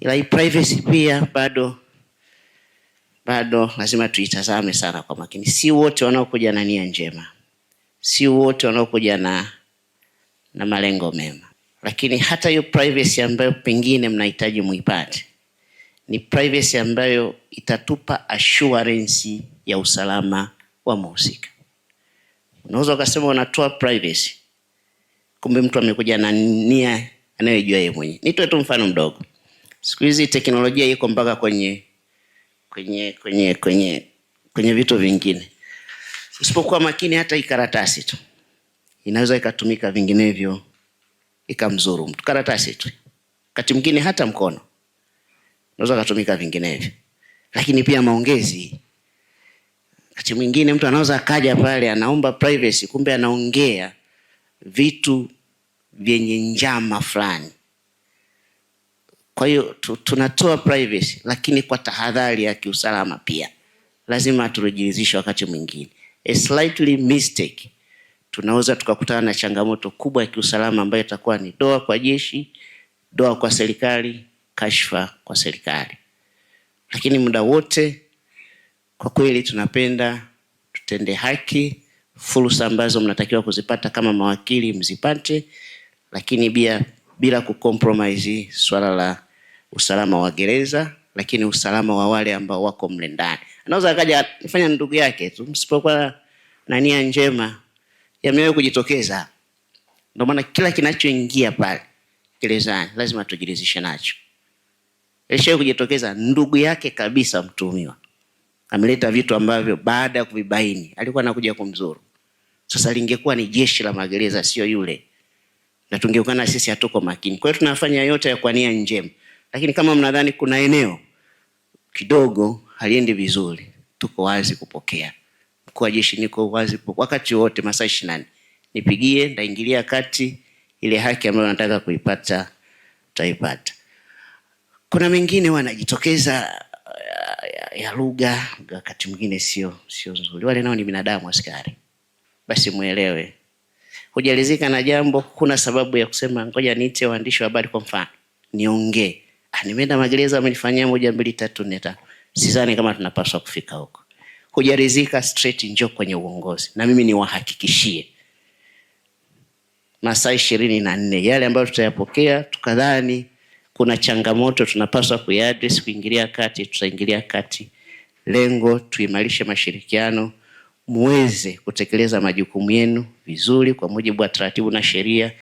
ila hii privacy pia bado bado lazima tuitazame sana kwa makini. Si wote wanaokuja na nia njema, si wote wanaokuja na na malengo mema, lakini hata hiyo privacy ambayo pengine mnahitaji muipate ni privacy ambayo itatupa assurance ya usalama wa mhusika. Unaweza ukasema unatoa privacy, kumbe mtu amekuja na nia anayojua yeye mwenyewe. Nitoe tu mfano mdogo. Siku hizi teknolojia iko mpaka kwenye kwenye kwenye kwenye kwenye vitu vingine. Usipokuwa makini, hata hii karatasi tu inaweza ikatumika vinginevyo, ikamzuru mtu. Karatasi tu, wakati mwingine hata mkono unaweza ikatumika vinginevyo, lakini pia maongezi wakati mwingine mtu anaweza akaja pale anaomba privacy, kumbe anaongea vitu vyenye njama fulani. Kwa hiyo tunatoa privacy, lakini kwa tahadhari ya kiusalama pia lazima turejelezishe. Wakati mwingine a slightly mistake, tunaweza tukakutana na changamoto kubwa ya kiusalama ambayo itakuwa ni doa kwa jeshi, doa kwa serikali, kashfa kwa serikali. Lakini muda wote kwa kweli tunapenda tutende haki. Fursa ambazo mnatakiwa kuzipata kama mawakili mzipate, lakini pia bila kucompromise swala la usalama wa gereza, lakini usalama wa wale ambao wako mle ndani. Anaweza akaja fanya ndugu yake tu, msipokuwa na nia njema yamewahi kujitokeza. Ndio maana kila kinachoingia pale gerezani lazima tujiridhishe nacho. Ilishawahi kujitokeza ndugu yake kabisa, mtumiwa ameleta vitu ambavyo baada ya kuvibaini alikuwa anakuja kumzuru. Sasa lingekuwa ni jeshi la magereza, sio yule, na tungekuwa na sisi hatuko makini. Kwa hiyo tunafanya yote ya kwa nia njema. Lakini kama mnadhani kuna eneo kidogo haliendi vizuri, tuko wazi kupokea. Mkuu wa Jeshi, niko wazi wakati wote, masaa ishirini na nne, nipigie, ndaingilia kati. Ile haki ambayo nataka kuipata taipata. Kuna mengine wanajitokeza uh, ya, ya lugha wakati mwingine sio sio nzuri. Wale nao ni binadamu askari, basi mwelewe. Hujalizika na jambo, kuna sababu ya kusema ngoja niite waandishi wa habari, kwa mfano niongee nimeenda magereza wamenifanyia moja mbili tatu nne tano. Sidhani kama tunapaswa kufika huko. Hujarizika straight, njoo kwenye uongozi, na mimi niwahakikishie masaa ishirini na nne yale ambayo tutayapokea tukadhani kuna changamoto tunapaswa kuiadress, kuingilia kati, tutaingilia kati. Lengo tuimarishe mashirikiano, muweze kutekeleza majukumu yenu vizuri kwa mujibu wa taratibu na sheria.